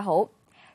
好，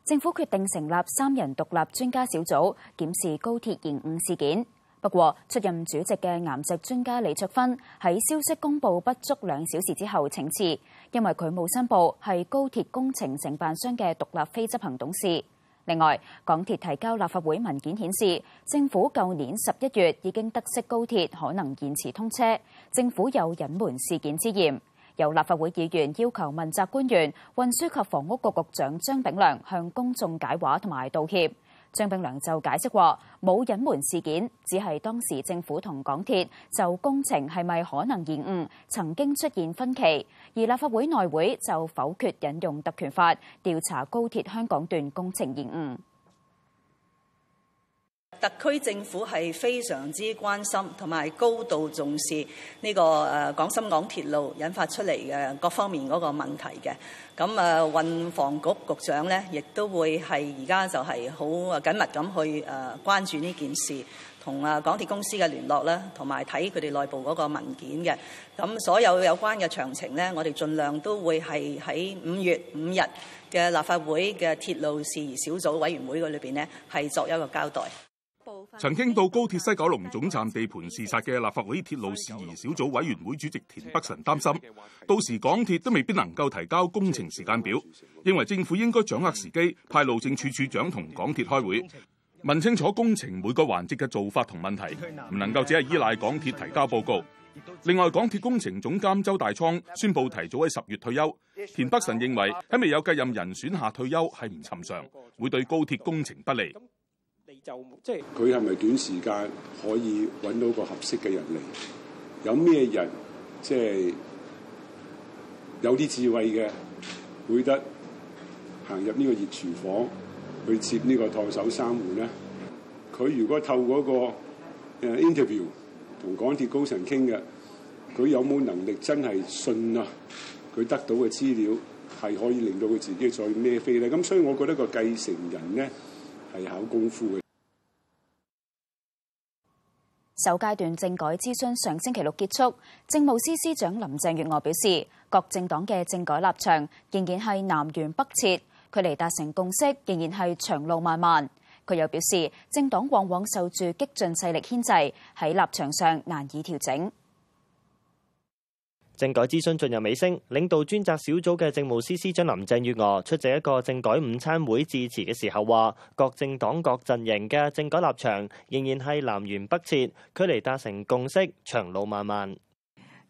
政府決定成立三人獨立專家小組檢視高鐵延誤事件。不過，出任主席嘅岩石專家李卓芬喺消息公布不足兩小時之後請辭，因為佢冇申報係高鐵工程承辦商嘅獨立非執行董事。另外，港鐵提交立法會文件顯示，政府舊年十一月已經得悉高鐵可能延遲通車，政府有隱瞞事件之嫌。由立法會議員要求問責官員，運輸及房屋局局長張炳良向公眾解話同埋道歉。張炳良就解釋話冇隱瞞事件，只係當時政府同港鐵就工程係咪可能延誤曾經出現分歧，而立法會內會就否決引用特權法調查高鐵香港段工程延誤。特區政府係非常之關心同埋高度重視呢個誒廣深港鐵路引發出嚟嘅各方面嗰個問題嘅。咁誒運防局運房局局長咧，亦都會係而家就係好緊密咁去誒關注呢件事，同啊港鐵公司嘅聯絡啦，同埋睇佢哋內部嗰個文件嘅。咁所有有關嘅詳情咧，我哋盡量都會係喺五月五日嘅立法會嘅鐵路事宜小組委員會嗰裏邊咧，係作一個交代。曾經到高鐵西九龍總站地盤視察嘅立法會鐵路事宜小組委員會主席田北辰擔心，到時港鐵都未必能夠提交工程時間表，認為政府應該掌握時機，派路政處處長同港鐵開會，問清楚工程每個環節嘅做法同問題，唔能夠只係依賴港鐵提交報告。另外，港鐵工程總監周大倉宣布提早喺十月退休，田北辰認為喺未有繼任人選下退休係唔尋常，會對高鐵工程不利。就即係佢係咪短時間可以揾到個合適嘅人嚟？有咩人即係、就是、有啲智慧嘅，會得行入呢個熱廚房去接呢個燙手三芋咧？佢如果透過個誒 interview 同港鐵高層傾嘅，佢有冇能力真係信啊？佢得到嘅資料係可以令到佢自己再孭飛咧？咁所以我覺得一個繼承人咧係考功夫嘅。首階段政改諮詢上星期六結束，政務司司長林鄭月娥表示，各政黨嘅政改立場仍然係南轅北轍，距離達成共識仍然係長路漫漫。佢又表示，政黨往往受住激進勢力牽制，喺立場上難以調整。政改諮詢進入尾聲，領導專責小組嘅政務司司長林鄭月娥出席一個政改午餐會致辭嘅時候，話各政黨各陣營嘅政改立場仍然係南轅北轍，距離達成共識長路漫漫。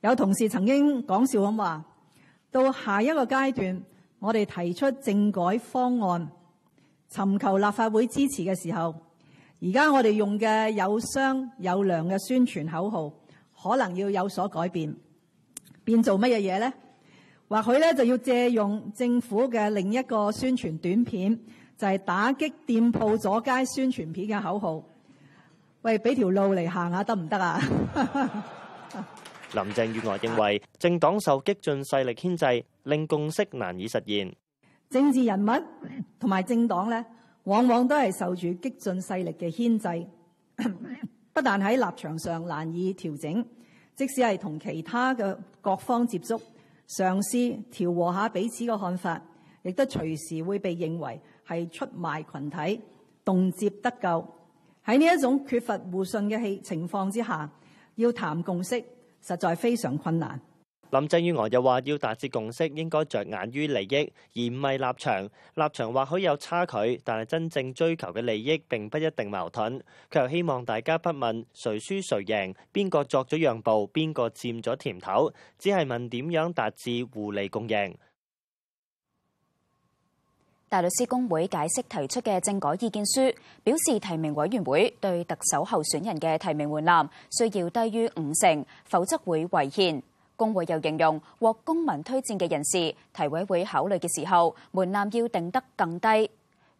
有同事曾經講笑咁話，到下一個階段，我哋提出政改方案，尋求立法會支持嘅時候，而家我哋用嘅有商有量嘅宣傳口號，可能要有所改變。變做乜嘢嘢咧？或許咧，就要借用政府嘅另一個宣傳短片，就係、是、打擊店鋪阻街宣傳片嘅口號。喂，俾條路嚟行下得唔得啊？ 林鄭月娥認為政黨受激進勢力牽制，令共識難以實現。政治人物同埋政黨咧，往往都係受住激進勢力嘅牽制，不但喺立場上難以調整。即使係同其他嘅各方接觸，嘗試調和下彼此嘅看法，亦都隨時會被認為係出賣群體、動輒得咎。喺呢種缺乏互信嘅情況之下，要談共識，實在非常困難。咁，林鄭月娥又話：要達至共識，應該着眼於利益，而唔係立場。立場或許有差距，但係真正追求嘅利益並不一定矛盾。佢希望大家不問誰輸誰贏，邊個作咗讓步，邊個佔咗甜頭，只係問點樣達至互利共贏。大律師公會解釋提出嘅政改意見書，表示提名委員會對特首候選人嘅提名門檻需要低於五成，否則會違憲。工會又形容獲公民推薦嘅人士，提委會，會考慮嘅時候門檻要定得更低。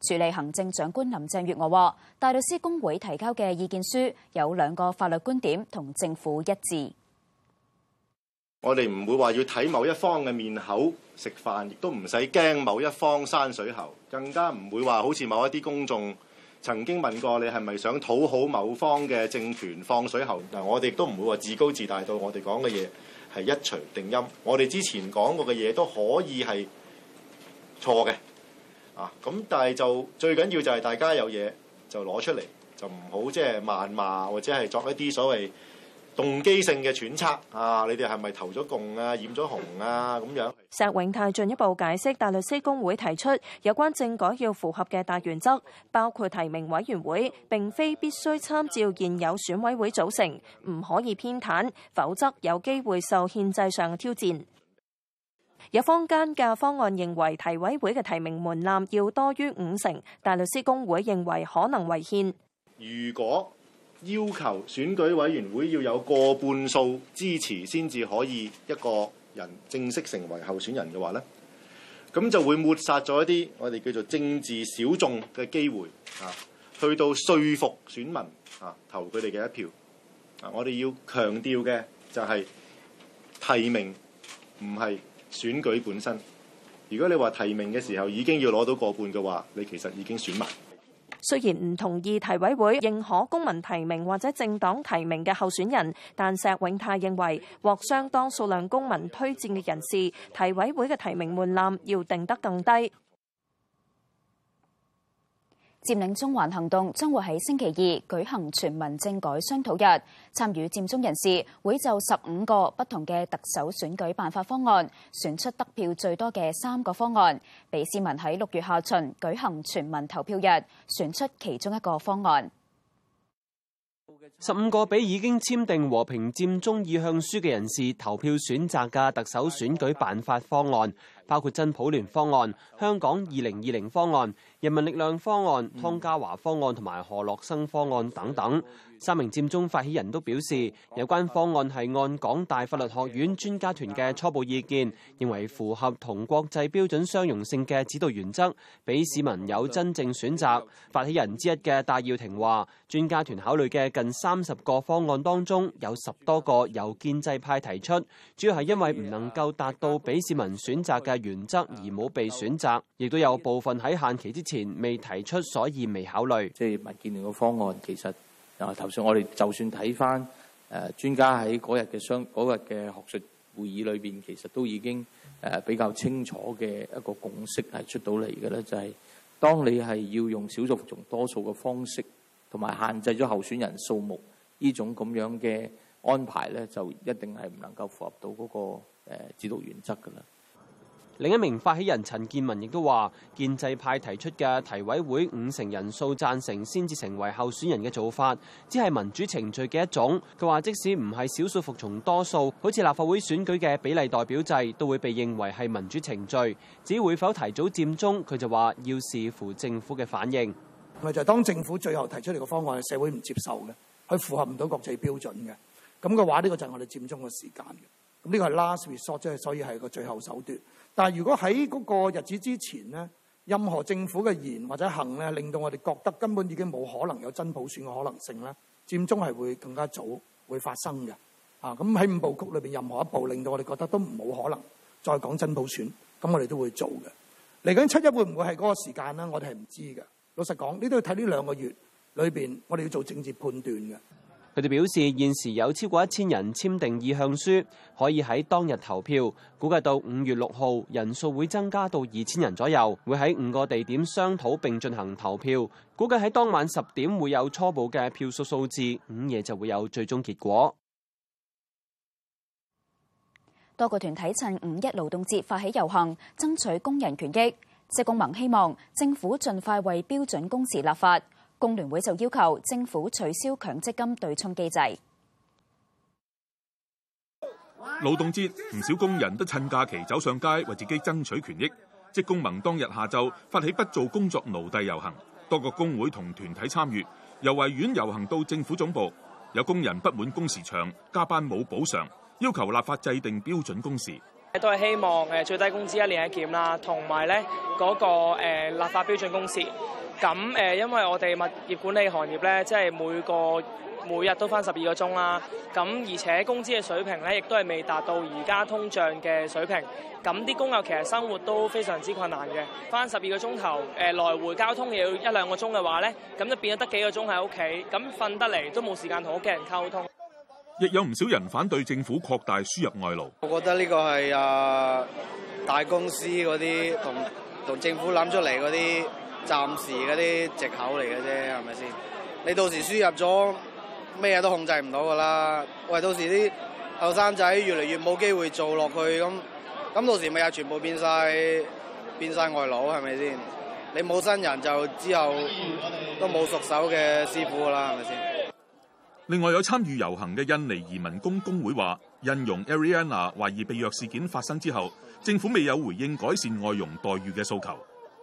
署理行政長官林鄭月娥話：大律師公會提交嘅意見書有兩個法律觀點同政府一致。我哋唔會話要睇某一方嘅面口食飯，亦都唔使驚某一方山水喉，更加唔會話好似某一啲公眾曾經問過你係咪想討好某方嘅政權放水喉嗱。我哋亦都唔會話自高自大到我哋講嘅嘢係一槌定音，我哋之前講過嘅嘢都可以係錯嘅，啊咁，但係就最緊要就係大家有嘢就攞出嚟，就唔好即係謾罵或者係作一啲所謂動機性嘅揣測啊！你哋係咪投咗共啊、染咗紅啊咁樣？石永泰進一步解釋，大律師公會提出有關政改要符合嘅大原則，包括提名委員會並非必須參照現有選委會組成，唔可以偏袒，否則有機會受憲制上嘅挑戰。有坊間嘅方案認為提委會嘅提名門檻要多於五成，大律師公會認為可能違憲。如果要求選舉委員會要有過半數支持先至可以一個人正式成為候選人嘅話呢，咁就會抹殺咗一啲我哋叫做政治小眾嘅機會啊，去到說服選民啊投佢哋嘅一票啊。我哋要強調嘅就係提名唔係選舉本身。如果你話提名嘅時候已經要攞到過半嘅話，你其實已經選埋。雖然唔同意提委會認可公民提名或者政黨提名嘅候選人，但石永泰認為獲相當數量公民推薦嘅人士，提委會嘅提名門檻要定得更低。佔領中環行動將會喺星期二舉行全民政改商討日，參與佔中人士會就十五個不同嘅特首選舉辦法方案選出得票最多嘅三個方案，俾市民喺六月下旬舉行全民投票日選出其中一個方案。十五個俾已經簽訂和平佔中意向書嘅人士投票選擇嘅特首選舉辦法方案。包括真普聯方案、香港二零二零方案、人民力量方案、湯家驊方案同埋何樂生方案等等，三名佔中發起人都表示，有關方案係按港大法律學院專家團嘅初步意見，認為符合同國際標準相容性嘅指導原則，俾市民有真正選擇。發起人之一嘅戴耀廷話，專家團考慮嘅近三十個方案當中，有十多個由建制派提出，主要係因為唔能夠達到俾市民選擇嘅原則而冇被選擇，亦都有部分喺限期之前未提出，所以未考慮。即係民建聯個方案，其實啊，頭先我哋就算睇翻誒專家喺嗰日嘅商嗰日嘅學術會議裏邊，其實都已經誒比較清楚嘅一個共識係出到嚟嘅咧。就係當你係要用少數服從多數嘅方式，同埋限制咗候選人數目呢種咁樣嘅安排咧，就一定係唔能夠符合到嗰個誒指導原則噶啦。另一名發起人陳建文亦都話：建制派提出嘅提委會五成人數贊成先至成為候選人嘅做法，只係民主程序嘅一種。佢話，即使唔係少數服從多數，好似立法會選舉嘅比例代表制，都會被認為係民主程序。至於會否提早佔中，佢就話要視乎政府嘅反應。咪就係當政府最後提出嚟個方案，社會唔接受嘅，佢符合唔到國際標準嘅咁嘅話，呢個就係我哋佔中嘅時間嘅。咁呢個係 last resort，即係所以係個最後手段。但係如果喺嗰個日子之前咧，任何政府嘅言或者行咧，令到我哋覺得根本已經冇可能有真普選嘅可能性咧，佔中係會更加早會發生嘅啊。咁喺五部曲裏邊，任何一步令到我哋覺得都冇可能再講真普選，咁我哋都會做嘅。嚟緊七一會唔會係嗰個時間咧？我哋係唔知嘅。老實講，呢都要睇呢兩個月裏面，我哋要做政治判斷嘅。佢哋表示，現時有超過一千人簽訂意向書，可以喺當日投票。估計到五月六號，人數會增加到二千人左右，會喺五個地點商討並進行投票。估計喺當晚十點會有初步嘅票數數字，午夜就會有最終結果。多個團體趁五一勞動節發起遊行，爭取工人權益。職工盟希望政府盡快為標準工時立法。工聯會就要求政府取消強積金對沖機制。勞動節，唔少工人都趁假期走上街為自己爭取權益。職工盟當日下晝發起不做工作奴隸遊行，多個工會同團體參與，由維園遊行到政府總部。有工人不滿工時長、加班冇補償，要求立法制定標準工時。都係希望誒最低工資一年一檢啦，同埋咧嗰個誒立法標準工時。咁誒、呃，因為我哋物業管理行業咧，即係每個每日都翻十二個鐘啦、啊。咁而且工資嘅水平咧，亦都係未達到而家通脹嘅水平。咁啲工友其實生活都非常之困難嘅，翻十二個鐘頭，誒、呃、來回交通要一兩個鐘嘅話咧，咁就變咗得幾個鐘喺屋企，咁瞓得嚟都冇時間同屋企人溝通。亦有唔少人反對政府擴大輸入外勞，我覺得呢個係誒、啊、大公司嗰啲同同政府諗出嚟嗰啲。暫時嗰啲藉口嚟嘅啫，係咪先？你到時輸入咗咩嘢都控制唔到噶啦！喂，到時啲後生仔越嚟越冇機會做落去，咁咁到時咪又全部變晒變曬外勞，係咪先？你冇新人就之後都冇熟手嘅師傅噶啦，係咪先？另外，有參與遊行嘅印尼移民工工會話，印容 Ariana 懷疑被虐事件發生之後，政府未有回應改善外傭待遇嘅訴求。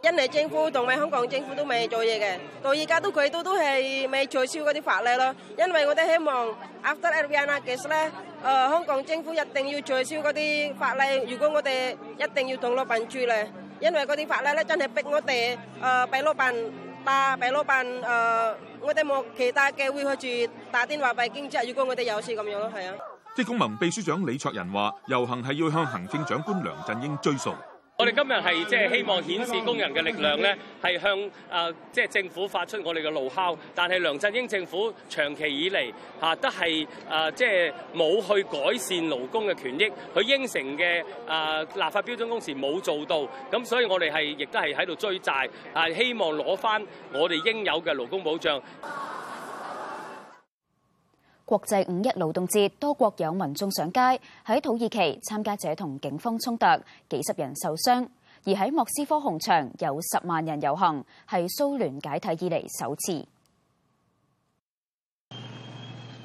印尼政府同埋香港政府都未做嘢嘅，到而家都佢都都係未取消嗰啲法例咯。因為我哋希望 After LBN Act 咧，誒，香港政府一定要取消嗰啲法例。如果我哋一定要同老闆住咧，因為嗰啲法例咧真係逼我哋誒，俾老闆打，俾老闆誒，我哋冇其他嘅會去住打電話俾經濟。如果我哋有事咁樣咯，係啊。職工盟秘書長李卓人話：遊行係要向行政長官梁振英追訴。我哋今日係即係希望顯示工人嘅力量咧，係向啊即係政府發出我哋嘅怒吼。但係梁振英政府長期以嚟嚇都係啊即係冇去改善勞工嘅權益，佢應承嘅啊立法標準工時冇做到，咁所以我哋係亦都係喺度追債，係希望攞返我哋應有嘅勞工保障。國際五一勞動節，多國有民眾上街。喺土耳其，參加者同警方衝突，幾十人受傷。而喺莫斯科紅場有十萬人遊行，係蘇聯解體以嚟首次。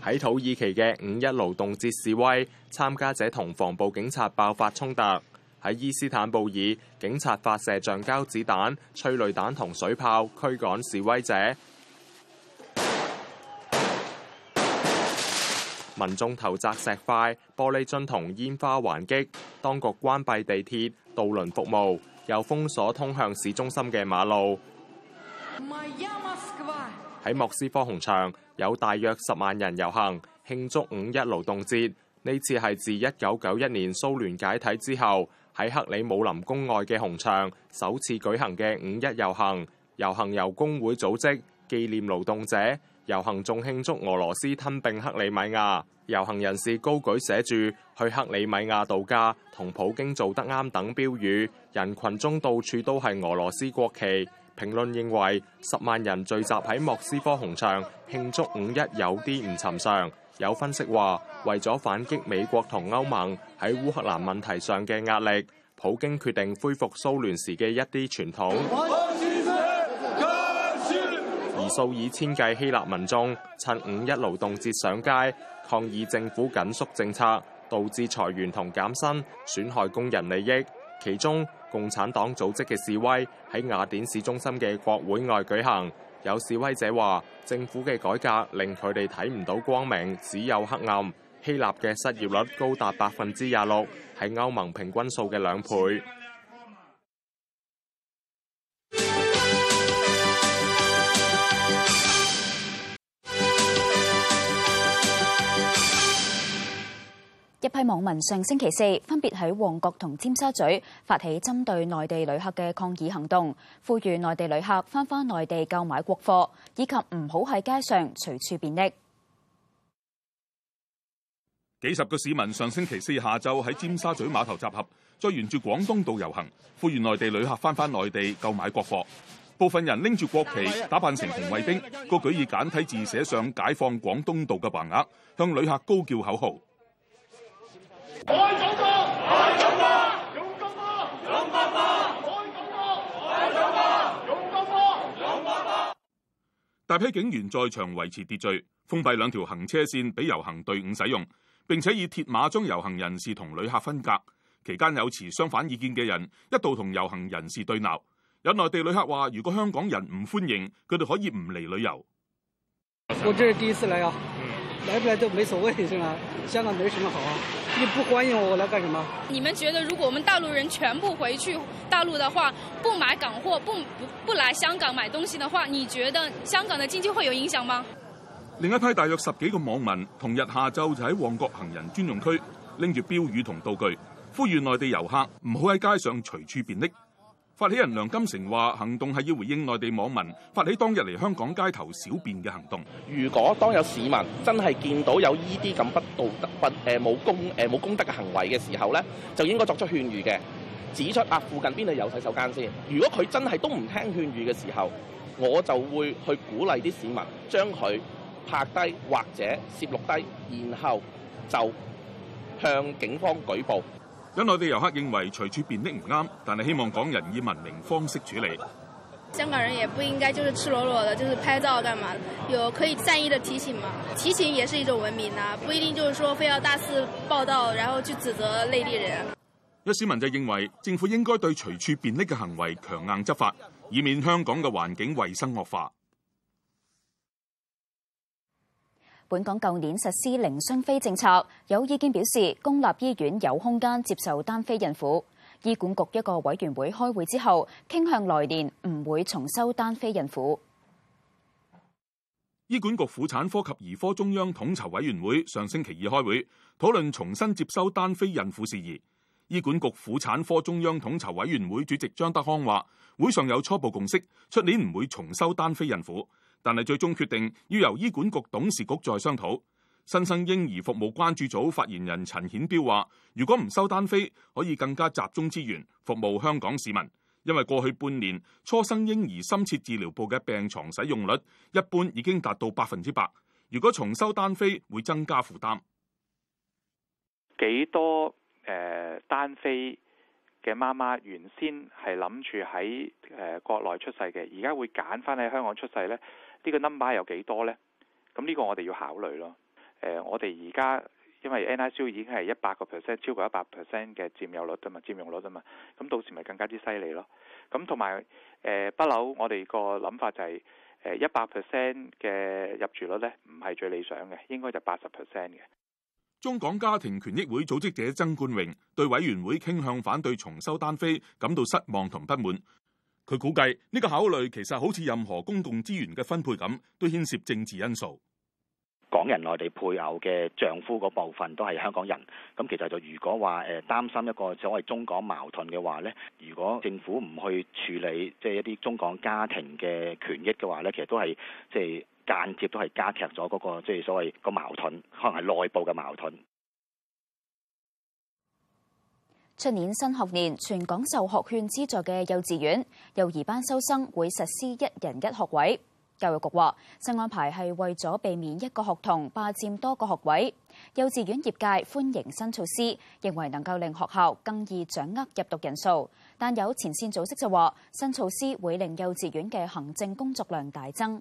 喺土耳其嘅五一勞動節示威，參加者同防暴警察爆發衝突。喺伊斯坦布爾，警察發射橡膠子彈、催淚彈同水炮驅趕示威者。民眾投擲石塊、玻璃樽同煙花還擊，當局關閉地鐵、渡輪服務，又封鎖通向市中心嘅馬路。喺莫斯科紅場有大約十萬人遊行慶祝五一勞動節，呢次係自一九九一年蘇聯解體之後喺克里姆林宮外嘅紅場首次舉行嘅五一遊行。遊行由工會組織，紀念勞動者。遊行仲慶祝俄羅斯吞並克里米亞，遊行人士高舉寫住去克里米亞度假同普京做得啱等標語，人群中到處都係俄羅斯國旗。評論認為十萬人聚集喺莫斯科紅場慶祝五一有啲唔尋常。有分析話，為咗反擊美國同歐盟喺烏克蘭問題上嘅壓力，普京決定恢復蘇聯時嘅一啲傳統。數以千計希臘民眾趁五一勞動節上街抗議政府緊縮政策，導致裁員同減薪，損害工人利益。其中，共產黨組織嘅示威喺雅典市中心嘅國會外舉行。有示威者話：政府嘅改革令佢哋睇唔到光明，只有黑暗。希臘嘅失業率高達百分之廿六，係歐盟平均數嘅兩倍。一批網民上星期四分別喺旺角同尖沙咀發起針對內地旅客嘅抗議行動，呼籲內地旅客翻翻內地購買國貨，以及唔好喺街上隨處便溺。幾十個市民上星期四下晝喺尖沙咀碼頭集合，再沿住廣東道遊行，呼籲內地旅客翻翻內地購買國貨。部分人拎住國旗，打扮成紅衛兵，各舉以簡體字寫上“解放廣東道”嘅橫額，向旅客高叫口號。愛祖大批警員在場維持秩序，封閉兩條行車線俾遊行隊伍使用，並且以鐵馬將遊行人士同旅客分隔。期間有持相反意見嘅人一度同遊行人士對鬧。有內地旅客話：如果香港人唔歡迎，佢哋可以唔嚟旅遊。我這是第一次來啊。來不來都沒所謂，是嗎？香港沒什麼好，啊，你不歡迎我，我來幹什麼？你們覺得，如果我們大陸人全部回去大陸的話，不買港貨，不不不來香港買東西的話，你覺得香港的經濟會有影響嗎？另一批大約十幾個網民同日下晝就喺旺角行人專用區拎住標語同道具，呼籲內地遊客唔好喺街上隨處便溺。發起人梁金成話：行動係要回應內地網民發起當日嚟香港街頭小便嘅行動。如果當有市民真係見到有依啲咁不道德、不、呃、冇公、呃、冇公德嘅行為嘅時候咧，就應該作出勸喻嘅，指出啊附近邊度有洗手間先。如果佢真係都唔聽勸喻嘅時候，我就會去鼓勵啲市民將佢拍低或者攝錄低，然後就向警方舉報。有內地遊客認為隨處便溺唔啱，但係希望港人以文明方式處理。香港人也不應該就是赤裸裸的，就是拍照幹嘛？有可以善意的提醒嘛？提醒也是一種文明啊，不一定就是說非要大肆報道，然後去指責內地人。有市民就認為政府應該對隨處便溺嘅行為強硬執法，以免香港嘅環境衛生惡化。本港舊年實施零雙非政策，有意見表示公立醫院有空間接受單非孕婦。醫管局一個委員會開會之後，傾向來年唔會重收單非孕婦。醫管局婦產科及兒科中央統籌委員會上星期二開會，討論重新接收單非孕婦事宜。醫管局婦產科中央統籌委員會主席張德康話，會上有初步共識，出年唔會重收單非孕婦。但係最終決定要由醫管局董事局再商討。新生嬰兒服務關注組發言人陳顯標話：如果唔收單非，可以更加集中資源服務香港市民。因為過去半年初生嬰兒深切治療部嘅病床使用率一般已經達到百分之百。如果重收單非，會增加負擔。幾多誒單非嘅媽媽原先係諗住喺誒國內出世嘅，而家會揀翻喺香港出世呢？呢、這個 number 有幾多呢？咁、這、呢個我哋要考慮咯。誒、呃，我哋而家因為 NICU 已經係一百個 percent，超過一百 percent 嘅佔有率啊嘛，佔用率啊嘛。咁到時咪更加之犀利咯。咁同埋誒不樓，呃、我哋個諗法就係誒一百 percent 嘅入住率呢，唔係最理想嘅，應該就八十 percent 嘅。中港家庭權益會組織者曾冠榮對委員會傾向反對重收單非感到失望同不滿。佢估計呢個考慮其實好似任何公共資源嘅分配咁，都牽涉政治因素。港人內地配偶嘅丈夫嗰部分都係香港人，咁其實就如果話誒擔心一個所謂中港矛盾嘅話咧，如果政府唔去處理即係一啲中港家庭嘅權益嘅話咧，其實都係即係間接都係加劇咗嗰個即係所謂個矛盾，可能係內部嘅矛盾。出年新學年，全港受學券資助嘅幼稚園、幼兒班收生會實施一人一學位。教育局話，新安排係為咗避免一個學童霸佔多個學位。幼稚園業界歡迎新措施，認為能夠令學校更易掌握入讀人數。但有前線組織就話，新措施會令幼稚園嘅行政工作量大增。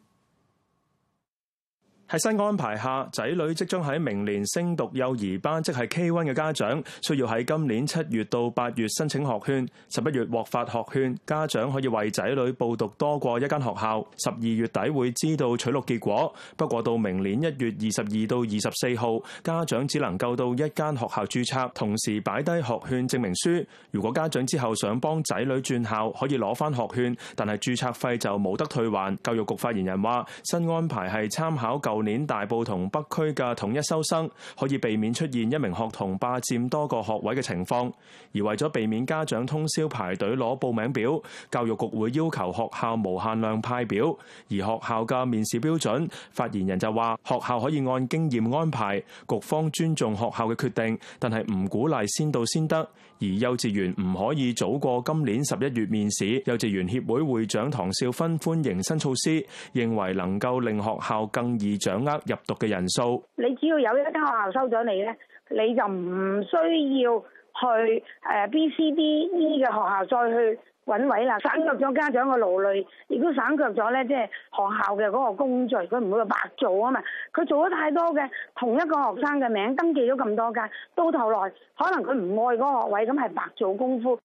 喺新安排下，仔女即將喺明年升讀幼兒班，即係 K1 嘅家長需要喺今年七月到八月申請學券，十一月獲發學券，家長可以為仔女報讀多過一間學校。十二月底會知道取錄結果，不過到明年一月二十二到二十四號，家長只能夠到一間學校註冊，同時擺低學券證明書。如果家長之後想幫仔女轉校，可以攞翻學券，但係註冊費就冇得退還。教育局發言人話：新安排係參考舊舊年大埔同北區嘅統一收生，可以避免出現一名學童霸占多個學位嘅情況。而為咗避免家長通宵排隊攞報名表，教育局會要求學校無限量派表。而學校嘅面試標準，發言人就話學校可以按經驗安排，局方尊重學校嘅決定，但係唔鼓勵先到先得。而幼稚園唔可以早過今年十一月面試，幼稚園協會會長唐少芬歡迎新措施，認為能夠令學校更易掌握入讀嘅人數。你只要有一間學校收咗你咧，你就唔需要去誒 B、C、D E 嘅學校再去。揾位啦，省卻咗家長嘅勞累，亦都省卻咗呢，即係學校嘅嗰個工序，佢唔會白做㗎嘛，佢做咗太多嘅，同一個學生嘅名登記咗咁多間，到頭來可能佢唔愛嗰個學位，咁係白做功夫。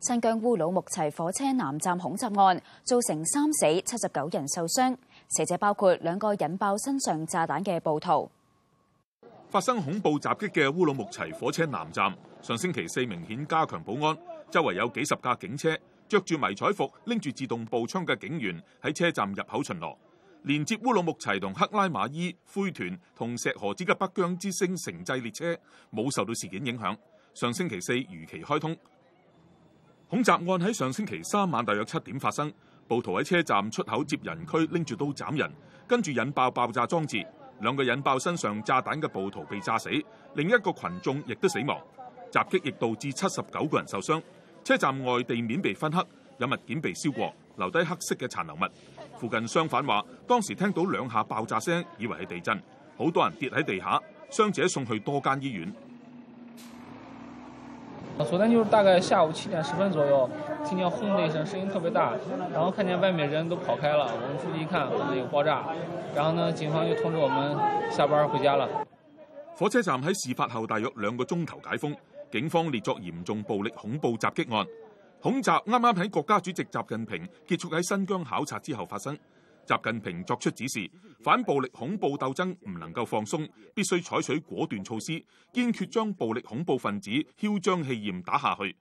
新疆烏魯木齊火車南站恐襲案造成發生恐怖襲擊嘅烏魯木齊火車南站，上星期四明顯加強保安，周圍有幾十架警車，着住迷彩服、拎住自動步槍嘅警員喺車站入口巡邏。連接烏魯木齊同克拉瑪依、灰團同石河子嘅北疆之星城際列車冇受到事件影響，上星期四如期開通。恐襲案喺上星期三晚大約七點發生，暴徒喺車站出口接人區拎住刀斬人，跟住引爆爆炸裝置。兩個引爆身上炸彈嘅暴徒被炸死，另一個群眾亦都死亡。襲擊亦導致七十九個人受傷。車站外地面被燻黑，有物件被燒過，留低黑色嘅殘留物。附近商販話，當時聽到兩下爆炸聲，以為係地震，好多人跌喺地下，傷者送去多間醫院。昨天就是大概下午七點十分左右，聽見轟的一聲，聲音特別大，然後看見外面人都跑開了。我們出去一看，有爆炸。然後呢，警方就通知我們下班回家了。火車站喺事發後大約兩個鐘頭解封，警方列作嚴重暴力恐怖襲擊案。恐襲啱啱喺國家主席習近平結束喺新疆考察之後發生。習近平作出指示，反暴力恐怖鬥爭唔能夠放鬆，必須採取果斷措施，堅決將暴力恐怖分子囂張氣焰打下去。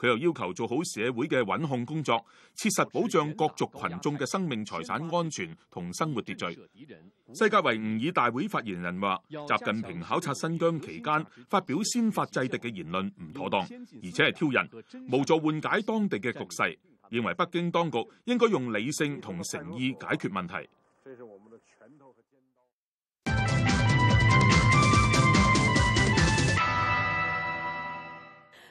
佢又要求做好社會嘅穩控工作，切實保障各族群眾嘅生命財產安全同生活秩序。世界維吾爾大會發言人話，習近平考察新疆期間發表先發制敵嘅言論唔妥當，而且係挑釁，無助緩解當地嘅局勢。認為北京當局應該用理性同誠意解決問題。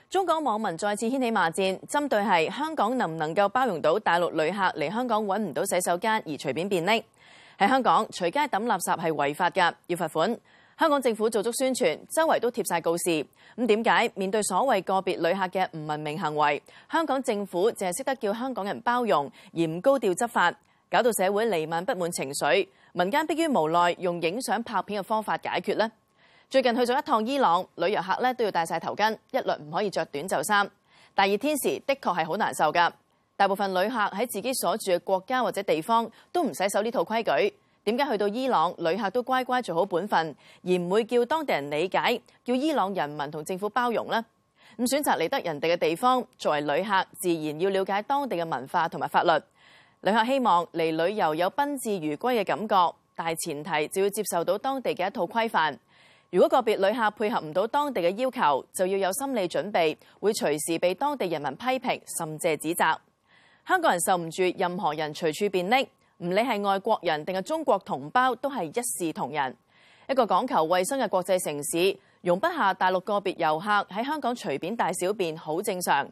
中港網民再次掀起罵戰，針對係香港能唔能夠包容到大陸旅客嚟香港揾唔到洗手間而隨便便溺。喺香港，隨街抌垃圾係違法噶，要罰款。香港政府做足宣傳，周圍都貼晒告示。咁點解面對所謂個別旅客嘅唔文明行為，香港政府淨係識得叫香港人包容，而唔高調執法，搞到社會瀰漫不滿情緒，民間迫於無奈用影相拍片嘅方法解決呢？最近去咗一趟伊朗，旅遊客咧都要戴晒頭巾，一律唔可以着短袖衫。大熱天時，的確係好難受㗎。大部分旅客喺自己所住嘅國家或者地方都唔使守呢套規矩。點解去到伊朗，旅客都乖乖做好本分，而唔會叫當地人理解，叫伊朗人民同政府包容呢？咁選擇嚟得人哋嘅地方，作為旅客，自然要了解當地嘅文化同埋法律。旅客希望嚟旅遊有賓至如歸嘅感覺，但係前提就要接受到當地嘅一套規範。如果個別旅客配合唔到當地嘅要求，就要有心理準備，會隨時被當地人民批評，甚至指責。香港人受唔住任何人隨處便溺。唔理係外國人定係中國同胞，都係一視同仁。一個講求衛生嘅國際城市，容不下大陸個別遊客喺香港隨便大小便，好正常。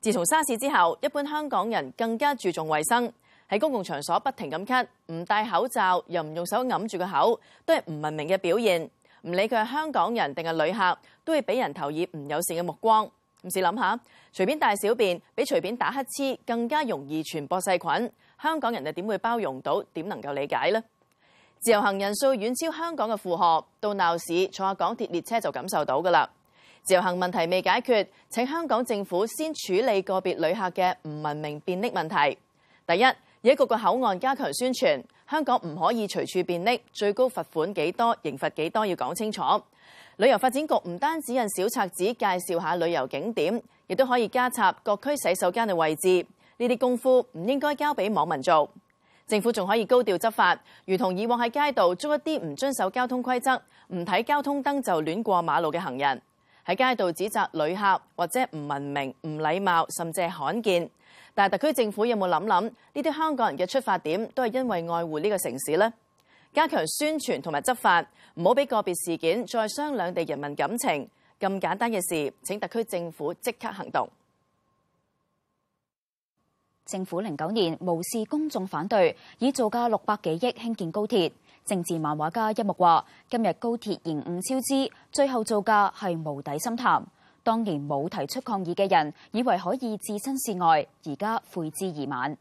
自從沙士之後，一般香港人更加注重衛生，喺公共場所不停咁咳，唔戴口罩，又唔用手揞住個口，都係唔文明嘅表現。唔理佢係香港人定係旅客，都會俾人投以唔友善嘅目光。唔試諗下，隨便大小便比隨便打乞嗤更加容易傳播細菌。香港人就點會包容到？點能夠理解呢？自由行人數遠超香港嘅負荷，到鬧市坐下港鐵列車就感受到噶啦。自由行問題未解決，請香港政府先處理個別旅客嘅唔文明便溺問題。第一，喺各個口岸加強宣傳，香港唔可以隨處便溺，最高罰款幾多、刑罰幾多要講清楚。旅遊發展局唔單止印小冊子介紹下旅遊景點，亦都可以加插各區洗手間嘅位置。呢啲功夫唔應該交俾網民做，政府仲可以高調執法，如同以往喺街道捉一啲唔遵守交通規則、唔睇交通燈就亂過馬路嘅行人，喺街道指責旅客或者唔文明、唔禮貌，甚至罕見。但係特區政府有冇諗諗，呢啲香港人嘅出發點都係因為愛護呢個城市呢？加強宣傳同埋執法，唔好俾個別事件再傷兩地人民感情。咁簡單嘅事，請特區政府即刻行動。政府零九年無視公眾反對，以造價六百幾億興建高鐵。政治漫畫家一木話：今日高鐵延誤超支，最後造價係無底深潭。當年冇提出抗議嘅人，以為可以置身事外，而家悔之已晚。